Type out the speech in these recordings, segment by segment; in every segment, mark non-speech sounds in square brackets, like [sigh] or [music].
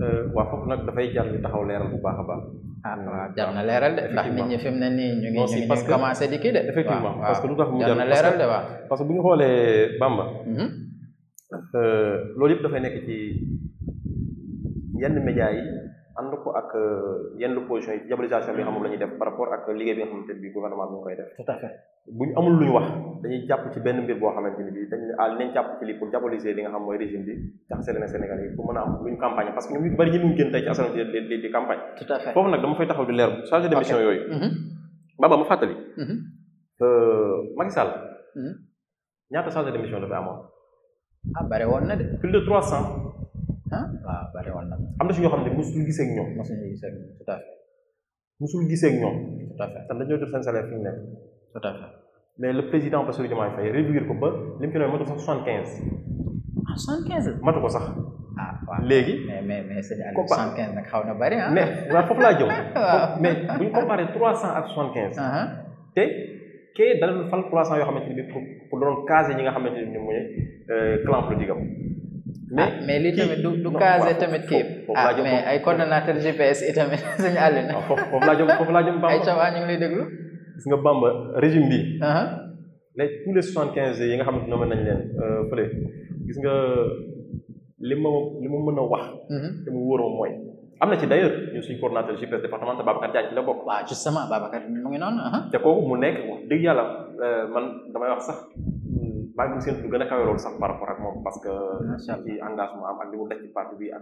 Euh, waa foofu nag dafay jar ñu taxaw leeral bu baax a baax. ah waaw jar na leeral de ndax nit ñi fi ne nii ñu ngi ñu ngi commencé di kii de. effectivement parce que tax mu jar na leeral de waaw parce que bu ñu xoolee Bamba. Mhm. Euh, loolu yëpp dafay nekk ci yenn médias yi. ànd ko ak euh, yenn position yi diabolisation bi nga xam moom la ñuy def par rapport ak liggéey bi nga xamante ne bii gouvernement bi ñu koy def. bu ñu amul lu ñu wax dañuy jàpp ci benn mbir boo xamante ne bii dañuy ah dinañ jàpp ci lii pour diaboliser li nga xam mooy régime bi jaxase leen Sénégal yi pour mën foofu nag dama fay taxaw di leer chargé de mission yooyu. Mm-hmm. Baba ma fàttali. Mm-hmm. Euh, Macky Sall. Mm-hmm. ñaata chargé de mission dafay amoon. ah de trois cents. ah waaw bari woon na am na si ñoo xam ne mosul gisee ak ñoom. mosul gisee ak ñoom tout à fait. mosul gisee ak ñoom. tout à fait tam dañoo jot seen salaire fi mu nekk. tout à fait mais le président Bassirou Diomaye Faye réduire ko ba li mu ci doon matu sax soixante quinze. ah soixante quinze matu ko sax. ah waaw léegi. mais mais mais sëñ Aliou soixante quinze nag xaw na bari ah. mais waaw foofu laa jëm. [laughs] mais bu ñu comparé trois cent ak soixante quinze. Ah, ah. te kay dana fal trois cent yoo xamante ne bii pour pour doon caser ñi nga xamante ne bii mooy euh, clan politique am. mais ah, mais li tamit du du casé tamit kii ah mais ay coordonnateur GPS yi tamit [laughs] suñu àll na. Ah, foofu foofu laa jëm foofu Bamba ay cawaa ah, ñu ngi lay déglu. gis nga Bamba régime bi. Uh-huh. les tous les soixante quinze yi nga xam ne mën nañ leen euh, fële gis nga li ma li ma mën a wax. Mm-hmm. te mu wóoroon mooy. am na ci d' ailleurs ñun suñu coordonnateur GPS départemental Babacar Diagne ci la bokk. waaw justement Babacar mu ngi noonu. Uh-huh. te kooku mu nekk wax dëgg yàlla euh, man damay wax sax. maa ngi séntu lu gën a kawe loolu sax par rapport ak moom parce que ci engagement am ak li ci parti euh,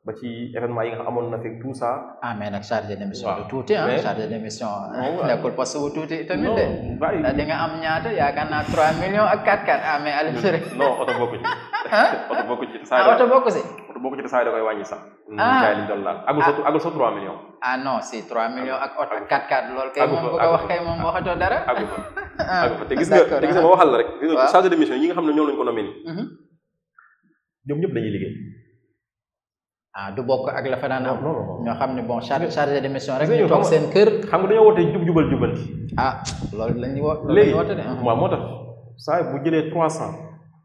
ba ci événement yi nga xam amoon na fekk tout ça. ah que [laughs] euh, bu tuuti tamit de. non di nga millions ak 4 4 ah [laughs] [laughs] sa ah, ah. mm, agul sa 3 ah. millions. ah non si 3 millions ak kay moom bu ko wax kay moom waxatoo dara. ah te gis nga te gis nga ah. ma waxal la rek. waaw de mission yi nga xam ne ñoom lañu ko nommé nii. Mhm. ñoom ñëpp dañuy liggéey. ah du bokk ak la fa daan am. Ah, ñoo xam ne bon chargé chargé de mission rek. ñu xam nga dañoo woote jub jubal jubanti. ah loolu la ñuy wo loolu la ñuy woote ah. moo tax saa bu jëlee trois cent.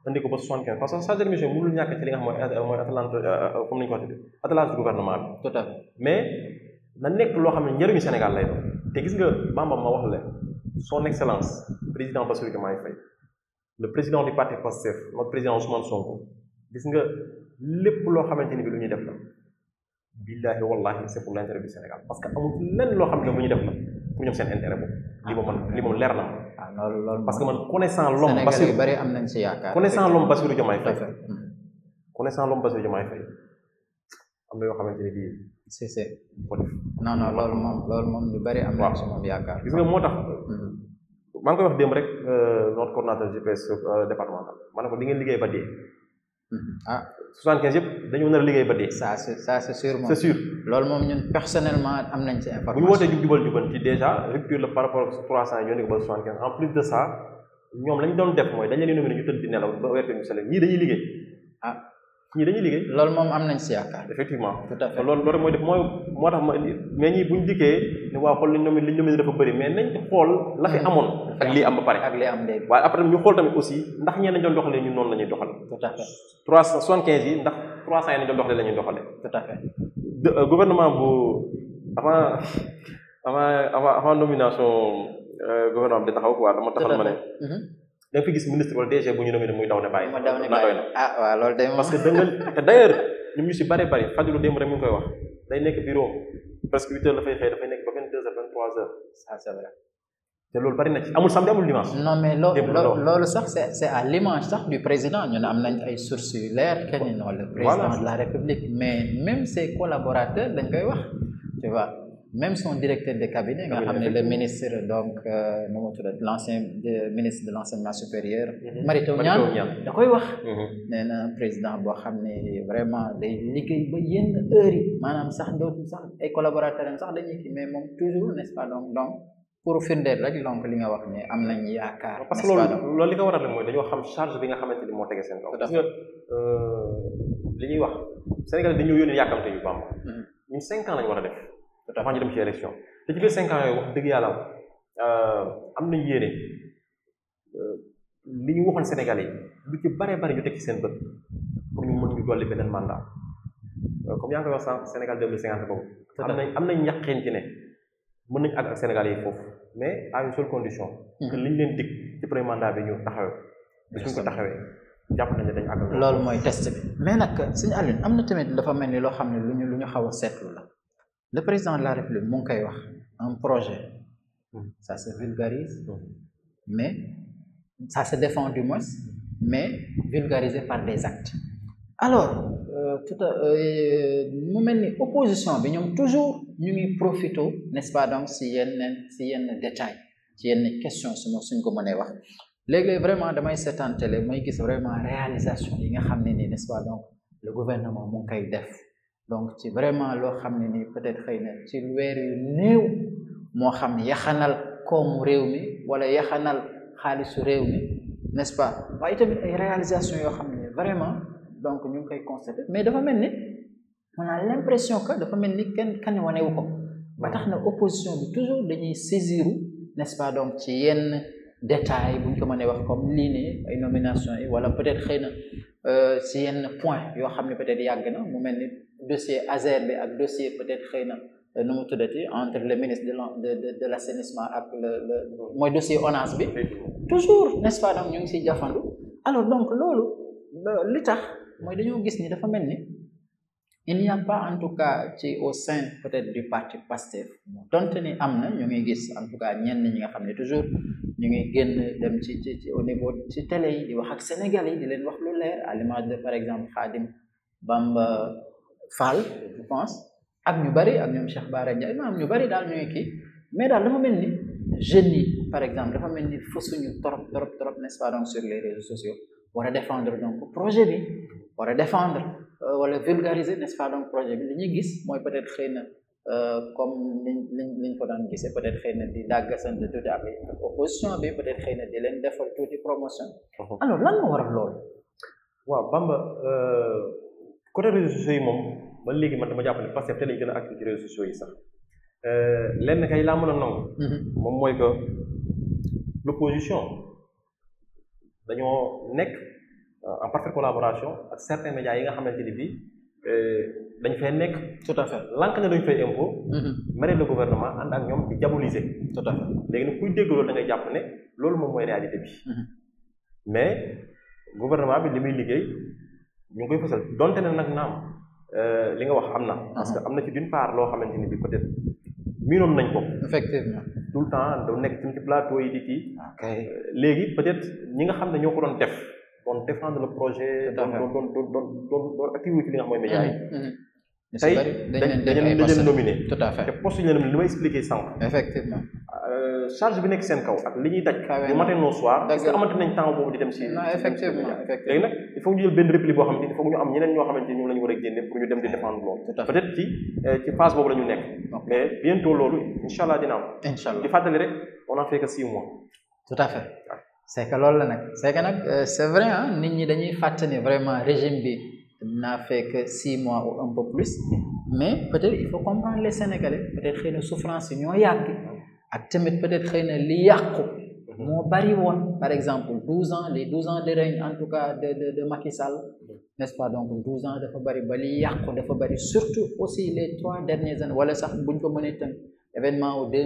indi ko ba soixante quinze parce que chargé de mission mënul ñàkk ci li nga xam mooy mooy atalante euh, euh, comme gouvernement bi. tout mais na nekk loo xam ne njëriñu Sénégal lay doon te gis nga Bamba ma wax la son excellence président Bassirou Diomaye Faye le président du parti Pastef notre président Ousmane Sonko gis nga lépp loo xamante ni bi lu ñuy def la billahi wallahi c'est pour l'intérêt bi Sénégal parce que amul lenn loo xam ne bu ñu def la pour ñoom seen intérêt li moom li moom leer na ma ah, parce que man connaissant l'homme Bassirou bari am nañ ci yaakaar hmm. connaissant l'homme Bassirou Diomaye Faye am na yoo xamante ni bii si si non non loolu moom loolu moom ñu bari am na si moom yaakaar gis nga moo tax mm-hmm. maa ngi koy wax démb rek euh, notre coordonnateur GPS euh, départemental ma ne ko di ngeen liggéey ba dee mm-hmm. ah soixante quinze yëpp dañu nar a liggéey ba dee ça c'est ça c'est sûr moom loolu moom ñun personnellement am nañ ci information bu wootee jub jubal jubanti déjà rupture la par rapport ak trois cent yi ñoo nekk ba soixante quinze en plus de ça ñoom lañ doon def mooy dañ leen nommer ñu ñii dañuy liggéey. loolu moom am nañ si yaakaar. effectivement loolu mooy def mooy moo tax ma mais ñii buñ dikkee ne waaw xool liñ ñoom liñ dafa bëri mais nañ xool la fi hmm. amoon. ak lii am ba pare ak lii am léegi. waaye après ñu xool tamit aussi ndax ñeen nañ doon doxalee ñun noonu la ñuy doxal. tout à fait trois cent soixante quinze yi ndax trois cent yi nañ doon doxalee la ñuy doxalee. tout à fait euh, gouvernement bu [laughs] avant avant avant nomination euh, gouvernement bi taxaw quoi dama taxal ma da nga fi gis ministre wala DG bu ñu nomee muy daw ne bàyyi. mu daw ne bàyyi ah waaw loolu day parce que da nga te d'ailleurs ñoom ñu si bari bari Fadilou démb rek mu ngi koy wax day nekk bureau presque huit heures la fay xëy dafay nekk ba vingt deux heures vingt trois heures. ça c'est vrai. te loolu bari na ci amul samedi amul dimanche. non mais loolu loolu sax c'est c'est à l'image sax du président ñun am nañ ay sources yu leer kenn non le président de la république mais même ses collaborateurs dañ koy wax tu vois. même son directeur de cabinet nga xam ne le ministre donc euh, nu mu tudd ministre de l' enseignement supérieur Mary Teuw Niane da koy wax mhm. nee na président boo xam ne vraiment day liggéey ba yenn heure yi maanaam sax dootul sax ay collaborateurs am sax dañuy kii mais moom toujours n' pas donc donc pour firndeel rek donc li nga wax ne am nañ yaakaar parce que loolu loolu li nga waral ne mooy dañoo xam charge bi nga xamante ni moo tege seen kaw parce euh, li ñuy wax Sénégal dañoo yónni yàkkamte yu bamb mhm. ñun war a def avant ñu dem ci élection te ci biir cinq wax dëgg yàlla euh, am nañu yéene euh, li ñu waxoon Sénégalais lu ci bare bari ñu teg ci seen bët pour ñu mën ñu dolli beneen mandat euh, comme yaa ngi wax sànq Sénégal deux mille cinquante boobu. nañ am nañ yàqeen ci mën nañu ak Sénégalais yi foofu mais à une seule condition. Hmm. leen dig ci premier mandat bi ñu taxawee. bi suñ ko taxawee jàpp nañ ne dañu loolu mooy test bi mais nag sëñ Alioune am na tamit dafa mel ni loo xam ne lu ñu lu ñu xaw a seetlu la. le président de la république mu ngi koy wax un projet hmm. ça se vulgarise hmm. mais ça se défend du moins mais vulgarisé par des actes alors euh, tout euh, mu mel ni opposition bi ñoom toujours ñu ngi profito n'est-ce pas donc si yenn si yenn détail ci yenn question suma suñ ko mënee wax léegi vraiment damay seetaan télé may gis vraiment réalisation yi nga xam ne nii n'est-ce pas donc le gouvernement mu ngi koy def donc ci vraiment loo xam ne nii peut-être xëy na ci weer yu néew moo xam yaxanal koomu réew mi wala yaxanal xaalisu réew mi n'est-ce pas waaye yoo xam ne vraiment donc ñu ngi koy mais dafa mel ni a l'impression dafa mel ni kenn kan wanewu ko ba tax na opposition bi toujours dañuy saisiru n'est-ce ci yenn détail bu ñu ko mënee wax comme lii ne ay nomination yi wala peut-être xëy na Euh, si yenn point yoo xam ne peut-être yàgg na mu mel ni dossier ASER bi ak dossier peut-être xëy na euh, nu mu tuddati entre le ministre de de de l'assainissement ak le le mooy dossier ONAS bi toujours n'est-ce pas donc ñu ngi siy jafandu alors donc loolu euh, li tax mooy dañoo gis ni dafa mel ni il n'y a pas en tout cas ci au sein peut-être du parti Pastef donte ni am na ñu ngi gis en tout cas ñenn ñi nga xam ne toujours ñu ngi génn dem ci au niveau ci télé yi di wax ak Sénégal yi di leen wax lu leer à de par exemple Khadim Bamba Fall je pense ak ñu bari ak ñoom Cheikh Bara Ndiaye maanaam ñu bari daal ñu ngi kii mais daal dafa mel ni jeunes yi par exemple dafa mel ni fasuñu trop trop trop n'est-ce pas donc sur les réseaux sociaux war défendre donc projet bi war a Euh, wala vulgariser nest pas donc projet bi li gis mooy peut-être xëy na euh, comme niñ liñ liñ ko daan gisee peut-être xëy na di dàggasante tuuti ak opposition bi peut xëy na di leen defal tuuti promotion uh-huh. alors lan moo waral loolu waaw Bamba euh, côté réseaux sociaux yi moom ba léegi ma dama jàpp ne parce que te lañ gën a actif ci réseaux sociaux yi sax lenn kay laa mën a nangu mm-hmm. moom mooy que l'opposition dañoo nekk Euh, en parfaite collaboration ak certains médias yi nga xamante ni bii euh, dañ fee nekk. tout à fait lank ne duñ fay impôt. Mm-hmm. mairie le gouvernement ànd ak ñoom di diaboliser. léegi nag kuy dégg loolu da jàpp ne loolu moom mooy réalité bi. Mm-hmm. mais gouvernement bi li muy liggéey ñu ngi koy fësal donte ne nag naam euh, li nga wax am na. parce que mm-hmm. am na ci d'une part loo xamante ni bi peut-être miinoon nañ ko. effectivement tout le temps doo nekk ci plateau yi di kii. léegi peut-être ñi nga xam ne ñoo ko doon def. doon défendre le projet. doon doon doon doon doon activé ci li nga xam mooy mm-hmm. Mm-hmm. tey dañ dañ leen nominé. tout à fait te poste yi ñu leen li euh, nekk seen kaw ak li ñuy daj. Ah du matin soir. parce que amati temps boobu di dem si. non effectivement léegi ñu jël benn repli boo xam ne il ñu am ñeneen ñoo xamante ni ñoom la ñu war a génne pour ñu dem di défendre loolu. peut ci euh, ci phase boobu la nekk. mais bientôt loolu incha allah dina am. incha allah di fàttali rek on c' est que loolu la nag c' est que nag euh, c' est nit ñi dañuy fàtte ne vraiment régime bi naa fekk six mois ou un peu plus mais peut être il faut comprendre les sénégalais peut être xëy souffrance ñoo yàgg ak tamit peut être xëy na li yàqu moo bari woon par exemple douze ans les douze ans de règne en tout cas de de de Macky n' est ce pas donc douze ans dafa bari ba li yàqu dafa bari surtout aussi les trois dernières années wala sax buñ ko mënee tënk événement au deux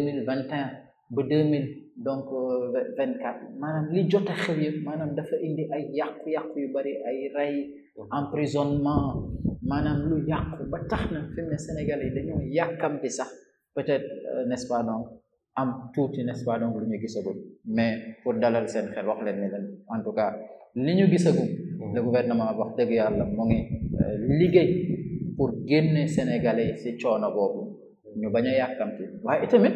mille donc euh, vingt quatre maanaam li jot a xew yëpp maanaam dafa indi ay yàqu-yàqu yu bari ay rey mhm. emprisonnement maanaam lu yàqu ba tax na fi ne Sénégal yi dañoo yàkkamti sax peut-être euh, nest am tuuti n'est-ce pas donc lu ñu gisagum mais pour dalal seen xel wax leen ne leen en tout cas li ñu gisagum mhm. le gouvernement wax dëgg yàlla moo ngi euh, liggéey pour génne Sénégalais yi si coono boobu mhm. ñu bañ a yàkkamti waaye itamit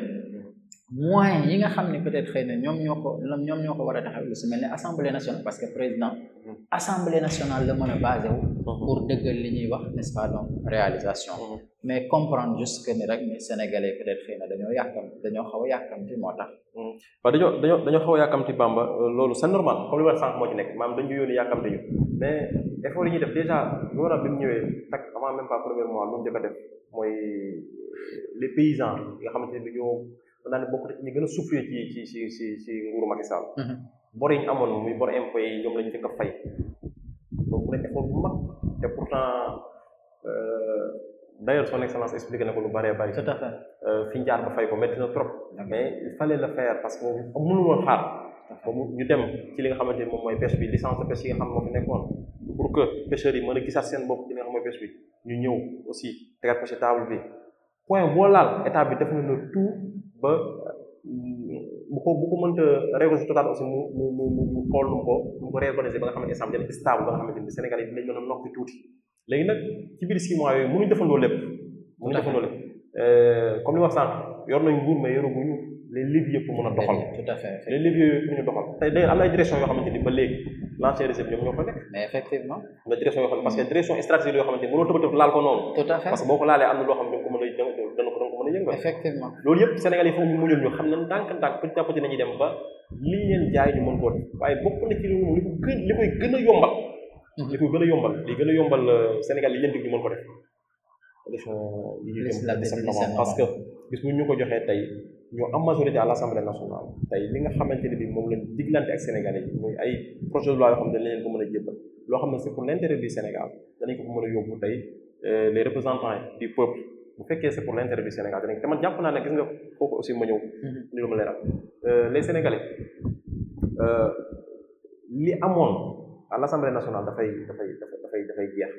moyens yi nga xam ne peut-être xëy na ñoom ñoo ko ñoo ko war a taxaw lu si mel ne assemblée nationale parce que président mm-hmm. assemblée nationale la mën a basé wu mm-hmm. pour dëggal li ñuy wax n'est-ce réalisation mm-hmm. mais comprendre juste que ni rek ni sénégalais peut-être xëy na dañoo xaw a yàkkamti moo tax waaw dañoo dañoo dañoo xaw a yàkkamti bamba euh, loolu c'est normal comme li war sànq moo ci nekk maanaam dañu yónni yàkkamti ñu mais effort yi ñuy def déjà gouvernement bi mu ñëwee tak avant même pas premier mois a def mooy les paysans nga xamante ne mën naa ne bokk na gën a souffrir ci ci ci ci ci nguuru Macky Sall. Mhm. bor yi ñu amoon muy bor impôt yi ñoom la ñu fay. donc nekk te pourtant euh, d' ailleurs son excellence expliqué na ko lu bëree bëri. tout à fait euh, fi ñu ba fay ko metti na trop. mais il fallait le faire parce que mënu woon xaar. boobu ñu dem ci li nga xamante ni moom mooy pêche bi licence de pêche yi nga xam moo nekkoon pour que pêcheurs yi mën a gisaat seen bopp ci li nga xam mooy pêche bi ñu ñëw aussi tegaat ko ci table bi point boo laal état ba bu ko bu ko mënta récolte totale aussi mu mu mu mu xool nu mu ko nu mu ko réorganiser ba nga xamante islam jël stable ba nga xamante ni Sénégal yi dinañ mën a noppi tuuti léegi nag ci biir six mois yooyu mënuñ defandoo lépp mënuñ defandoo lépp euh, a doxal tout à fait ñu doxal tey d'ailleurs direction yoo yoo xam ne parce que direction tëbatëb laal ko noonu parce que boo ko laalee am loo xam ne ko mën a lañ bëgg effectivement loolu yëpp Sénégal yi foog ñu muñul ñu xam ne ndànk-ndànk petit à petit nañu dem ba liñ leen jaay ñu mën koo def waaye bokk na ci li ko mhm. li koy gën a yombal li gën a yombal li gën a yombal Sénégal yi leen dig ñu mën def élection yi parce que bis ñu ko joxee tey ñu am majorité à l'Assemblée nationale tey li nga xamante ne bi moom lañ diglante ak Sénégalais yi muy ay projet de loi yoo xam ne leen ko mën a jébbal loo xam ne c'est pour l'intérêt du Sénégal danañ ko ko mën a yóbbu tey euh, les représentants di peuple bu fekkee c'est pour l'intérêt du Sénégal dinañ te man jàpp naa ne gis nga foofu aussi ma ñëw. ni lu ma leeral les Sénégalais li amoon à l'Assemblée nationale dafay dafay dafay dafay jeex.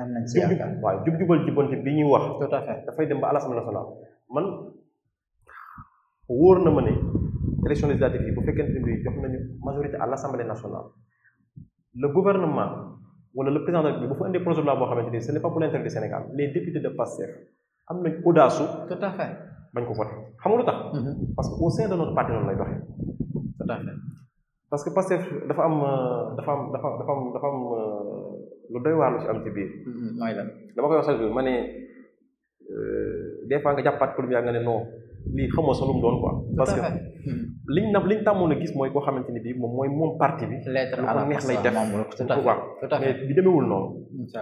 am nañ si yaakaar waaw jub jubal jubbanti bi ñuy wax. tout à fait dafay dem ba à l'Assemblée nationale man wóor na ma ne élection législative yi bu fekkente ne jox nañu majorité à l'Assemblée nationale le gouvernement wala le président de la République bu fa indee projet de loi boo xamante ni ce n'est pas pour de PASTEF. am nañ audace tout à fait bañ ko voté xam nga lu tax. Mm-hmm. parce que au sein de notre parti noonu lay doxee. tout à parce que dafa am dafa dafa dafa am euh, lu doy waar ci am ci biir. Mm-hmm. mooy lan dama koy wax chaque jour ma ne euh, des fois nga jàppaat pour nga ne non lii xamoo sa lu mu doon quoi. parce que liñ na liñ tàmmoon a gis mooy koo xamante ni bii moom mooy moom parti bi. lettre à la neex lay def tout à fait bi demeewul noonu. incha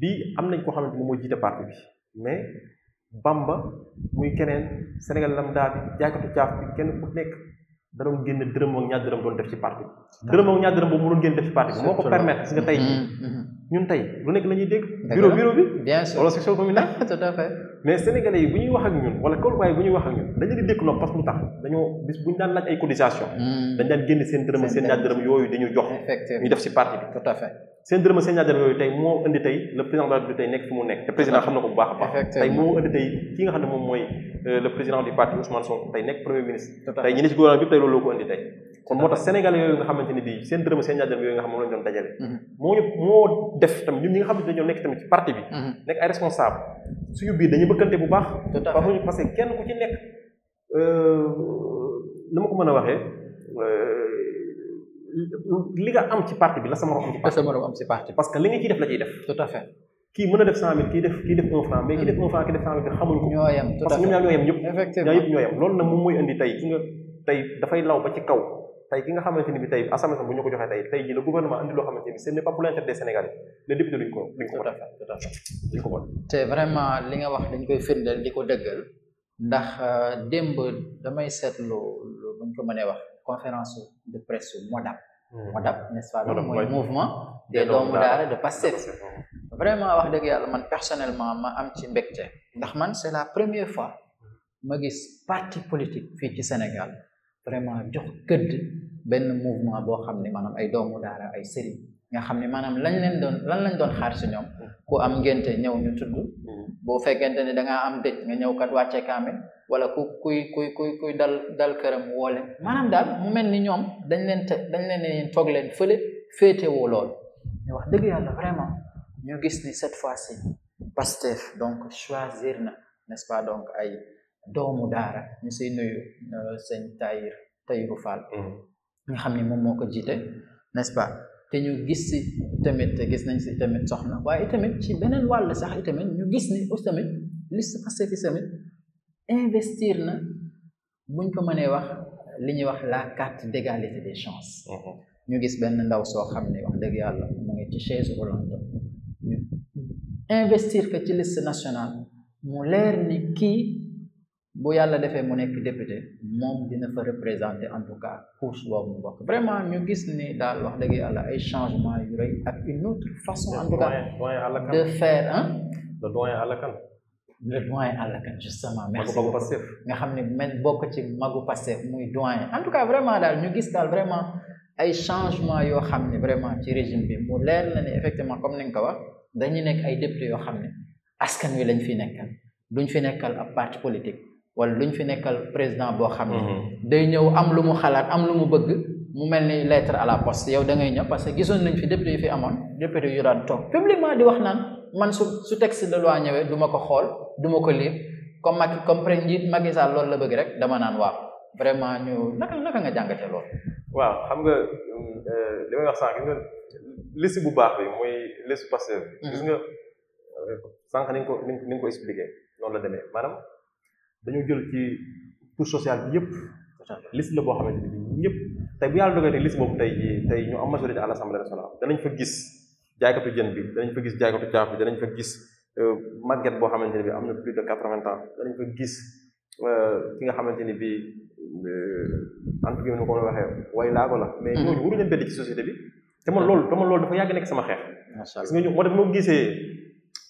bii am nañ koo xamante ni moo jiite bi. mais Bamba muy keneen Sénégal lambda bi jaaykatu caaf bi kenn ku nekk da doon génne dërëm ñaar dërëm doon def ci parti bi dërëm ak ñaar dërëm boobu mu doon génn def ci parti bi moo ko permettre mm-hmm, mm-hmm. lu nekk la ñuy dégg bureau bureau bi bien sûr wala section communale [laughs] tout à fait mais bu ñuy wax ak ñun wala Kolwaay bu ñuy wax ak ñun dañu di dégg noonu parce que tax dañoo bis bu ñu daan laaj ay cotisation mm. dañ daan génn seen dërëm ak seen ñaar dërëm yooyu dañu jox ñu def ci parti bi à fait seen dërëm seen ñaar dërëm yooyu tey moo indi tey le président de la nekk fi mu nekk te président xam na ko bu baax a baax tey moo indi tey ki nga xam ne moom mooy euh, le président bi tey loolu loo ko indi tey kon moo tax Sénégal yooyu nga xamante ne bii seen dërëm seen ñaar yooyu nga xam moom lañu doon dajale mhm. moo ñu moo def tamit ñun nga xam ne nekk tamit parti bi mhm. nekk ay responsable suñu biir dañuy bëkkante bu baax parce que kenn ku ci nekk euh, ma ko mën a waxee euh, li nga am ci parti bi la sama morom am parti la parce que li nga ciy def la ciy def. tout à fait kii mën a def cent mille kii def kii def un mais kii def un franc kii def cent mille moom mooy indi tey ki nga tey dafay law ba ci kaw tey ki nga xamante ni bi tey assemblée bu ñu ko joxee tey tey ji le gouvernement andi loo xamante ni ce n'est pas pour l'intérêt des Sénégalais les députés ko duñ ko bon duñ ko bon te vraiment li nga wax dañ koy firndeel di ko dëggal ndax euh, démb damay seetlu lu buñ ko mënee wax conférence de presse MODAP. Hmm. MODAP n'est-ce pas loolu mouvement des doomu daara de Pastef vraiment wax dëgg yàlla man personnellement ma am ci mbégte ndax man c'est la première fois ma gis parti politique fii ci Sénégal vraiment jox gëdd benn mouvement boo xam ne maanaam ay doomu daara ay sëriñ nga xam ne maanaam lañ leen doon lañ doon xaar si ñoom ku am ngénte ñëw ñu tudd hmm. boo fekkente ne da ngaa am dëj nga ñëw kat wàcce kaame wala ku kuy kuy kuy kuy dal dal këram woole maanaam daal mel ni ñoom dañ leen te dañ leen ne toog leen fële féetewoo lool mais wax dëgg yàlla vraiment ñu gis ni cette fois-ci Pastef donc choisir na nest pas donc ay doomu daara ñu siy nuyu euh, sëñ Tahir Tahirou Fall hmm. nga xam ni moom moo ko jiite nest pas te ñu gis si tamit gis nañ si tamit soxna waaye tamit ci beneen wàll sax tamit ñu gis ni aussi tamit liste Pastef tamit investir na buñ ko mënee wax li ñuy wax la carte d'égalité des chances mm-hmm. ñu gis benn ndaw soo xam ne wax dëgg yàlla mu ngi ci chaise roulante ñu investir que ci liste nationale mu leer ni kii bu yàlla defee mu nekk député moom dina fa représenter en tout cas course boobu mu bokk vraiment ñu gis ni daal wax dëgg yàlla ay changement yu rëy ak une autre façon en tout de faire hein Alla Kane le doyen Alla Kane justement merci nga xam ne man bokk ci magu Pastef muy doyen en tout cas vraiment daal ñu gis daal vraiment ay changement yoo xam ne vraiment ci régime bi mu leer na ne effectivement comme ni nga ko wax dañuy nekk ay député yoo xam ne askan wi lañ fi nekkal duñ fi nekkal ab parti politique wala lu ñu fi nekkal président boo xam ne mhm. day ñëw am lu mu xalaat am lu mu bëgg mu mel ni lettre à la poste yow da ngay ñëw parce que gisoon nañ fi député yu fi amoon député yu daan toog man su su texte de du ma ko xool du ko lire comme Macky comme pré njiit Macky loolu la bëgg rek dama naan waaw vraiment ñu naka naka nga jàngate lool. waaw xam nga li wax sànq gis bu baax bi mooy liste Pastef mhm. ni nga ko ni noonu la demee maanaam dañu jël ci couche sociale bi yëpp liste la boo xamante ni bi ñëpp tey bu yàlla dogalee tey liste boobu tey jii tey ñu am majorité à l'Assemblée nationale danañ fa gis jaaykatu jën bi danañ fa gis jaaykatu caaf bi danañ fa gis euh, màgget boo xamante ni bi am na plus de quatre-vingts ans danañ fa gis euh, ki nga xamante ni bi euh, entre guillemets ko waxee way laago la mais mm-hmm. ñooñu waruñu leen beddi ci société bi te man loolu te man loolu dafa yàgg nekk sama xeex gis moo def moo gisee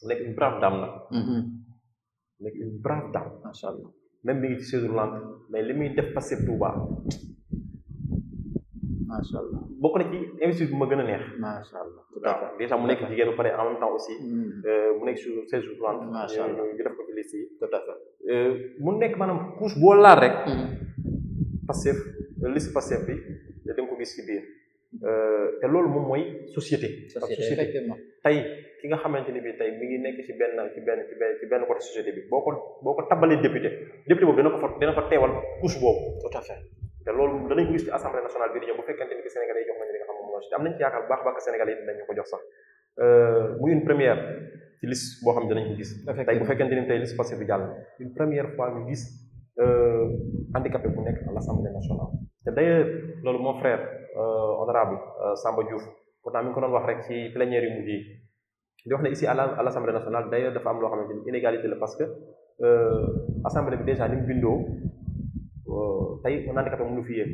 nekk une brave dame la mm-hmm. nekk une brave dame macha allah même mi ngi ci chaise roulante mais li muy def passé Touba macha allah bokk na ci investisseur bi ma gën a neex. macha allah tout à fait déjà mu nekk jigéen ba pare en temps aussi. Mm. Euh, mu nekk sur chaise roulante. macha allah ñu def ko ci liste yi tout à euh, mu nekk maanaam couche boo laal rek. Mm. passé liste passé bi da nga ko gis ci biir. Euh, te loolu moom mooy société. société tey ki nga xamante ni bi tey mi ngi nekk ci benn ci benn ci benn ci société bi boo ko boo ko tabalee député député boobu dina ko fa dina fa teewal couche boobu. te loolu danañ ko gis ci assemblée nationale bu fekkente ni am na ci yaakaar bu baax a baax que Sénégalais yi dinañu ko jox sax euh, muy une première ci liste boo xam ne danañ ko gis. tey bu fekkente ni tey liste passée bi jàll une première fois ñu gis euh, handicapé bu nekk à l'assemblée nationale te d'ailleurs loolu mon frère euh, honorable euh, Samba Diouf pourtant mi ngi ko doon wax rek ci plénière yu mujj yi di wax ne ici à l'Assemblée nationale d'ailleurs dafa am loo xamante ni inégalité la parce que euh, assemblée bi déjà ni mu bindoo tey on handicapé mënu fi yéen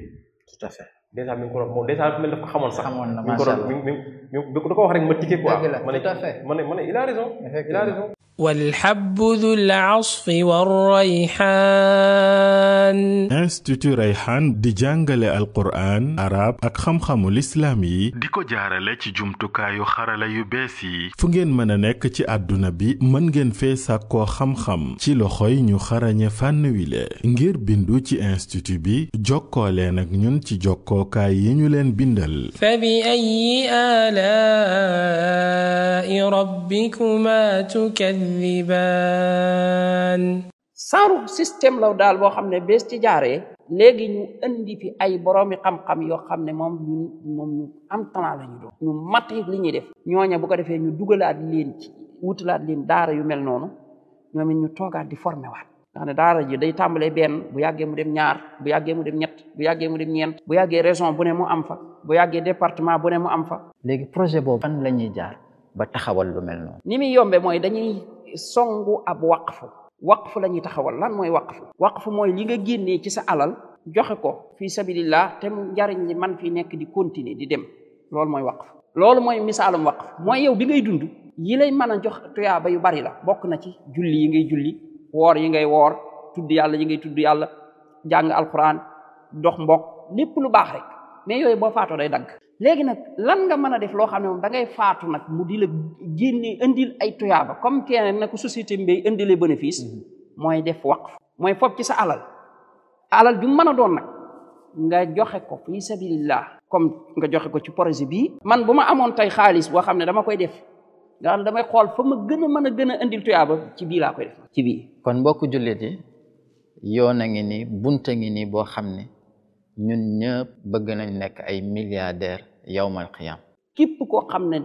tout à fait déjà mi ngi moom déjà mel dafa xamoon sax xamoon na macha allah mi ngi ko da ko wax rek ma tikke quoi ma ne il a raison il a raison والحب ذو العصف والريحان institut Rayhan di jàngale alquraan arab ak xam-xamu lislaam yi di ko jaarale ci jumtukaayu xarala yu bees yi fu ngeen mën a nekk ci àdduna bi mën ngeen fee sàkkoo xam-xam ci loxoy ñu xarañe fànn wile ngir bindu ci institut bi jokkoo leen ak ñun ci jokkookaay yi ñu leen bindal fa bi ayyi alaa'i rabbikumaa tukazziban تكذبان saaru système law daal boo xam ne bés ci jaaree léegi ñu indi fi ay boroomi xam-xam yoo xam ne moom ñun ñu am talent la ñu doon ñu mat li ñuy def ñooña bu ko defee ñu dugalaat leen ci wutalaat leen daara yu mel noonu ñoom it ñu toogaat di formé waat nga ne daara ji day tàmbalee benn bu yàggee mu dem ñaar bu yàggee mu dem ñett bu yàggee mu dem ñeent bu yàggee région bu ne mu am fa bu yàggee département bu ne mu am fa léegi projet boobu fan la ñuy jaar ba taxawal lu mel noonu ni songu ab waqfu waqfu la ñuy taxawal lan mooy waqfu waqfu mooy li nga génnee ci sa alal joxe ko fii sabilillah te njariñ li man fii nekk di continuer di dem loolu mooy waqfu lool mooy misaalum waqf mooy yow bi ngay dund yi lay mën a jox tuyaaba yu bari la bokk na ci julli yi ngay julli woor yi ngay woor tudd yàlla yi ngay tudd yàlla jàng alquran dox mbokk lépp lu baax rek mais yooyu boo faatoo day dagg léegi nag lan nga mën a def loo xam ne moom da ngay faatu nag mu di la génne indil ay tuyaaba comme kenn na ko société indilee bénéfice mm-hmm. mooy def waqf mooy fob ci sa alal alal ju mën a doon nag nga joxe ko fi sabilillah comme nga joxe ko ci projet bii man bu ma amoon tey xaalis boo xam ne dama koy def nga xam damay xool fa ma gën a mën a gën a indil tuyaaba ci bii laa koy def ci biir kon mbokk jullit yi yoon a ngi nii bunta ngi nii boo xam ne ñun ñëpp bëgg nañ nekk ay milliardaire yawmal qiyam képp koo xam ne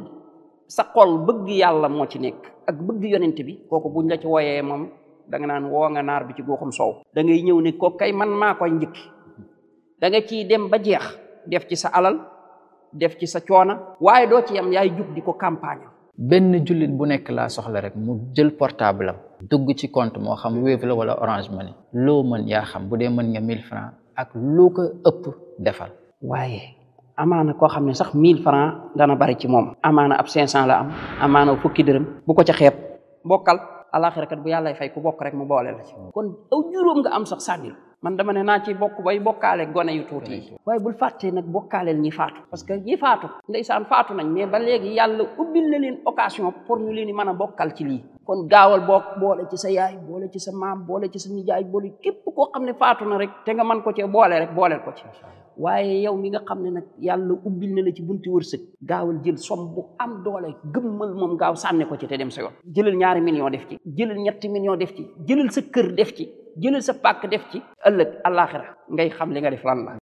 sa xol bëgg yàlla moo ci nekk ak bëgg yonent bi kooku buñ la ci wooyee moom danga naan woo nga naar bi ci goxum soow da ngay ñëw ne ko kay man maa koy njëkki da nga ciy dem ba jeex def ci sa alal def ci sa coona waaye doo ci yam yaay jug di ko campagne benn jullit bu nekk laa soxla rek mu jël portable am dugg ci compte moo xam Wave la wala Orange Money loo mën yaa xam bu dee mën nga 1000 ak lu ko ëpp defal waaye amaana koo xam ne sax mille francs dana bari ci moom amaana ab cinq cent la am amaana fukki dërëm bu ko ca xeeb bokkal alaxira kat bu yàllay fay ku bokk rek mu boole la ci kon aw juróom nga am sax sànnil man dama ne naa ci bokk bay bokkaale gone yu tuuti yi waaye bul fàttee nag bokkaaleel ñi faatu parce que ñi faatu ndeysaan faatu nañ mais ba léegi yàlla ubbil na leen occasion pour ñu leen di mën a bokkal ci lii kon gaawal boo boole ci sa yaay boole ci sa maam boole ci sa nijaay boole képp koo xam ne faatu na rek te nga man ko cee boole rek booleel ko ci waaye yow mi nga xam ne nag yàlla ubbil na la ci bunti wërsëg gaawal jël som bu am doole gëmmal moom gaaw sànni ko ci te dem sa yoon jëlal ñaari million def ci jëlal ñetti million def ci jëlal sa kër def ci jëlal sa pàkk def ci ëllëg àllaaxira ngay xam li nga def lan laa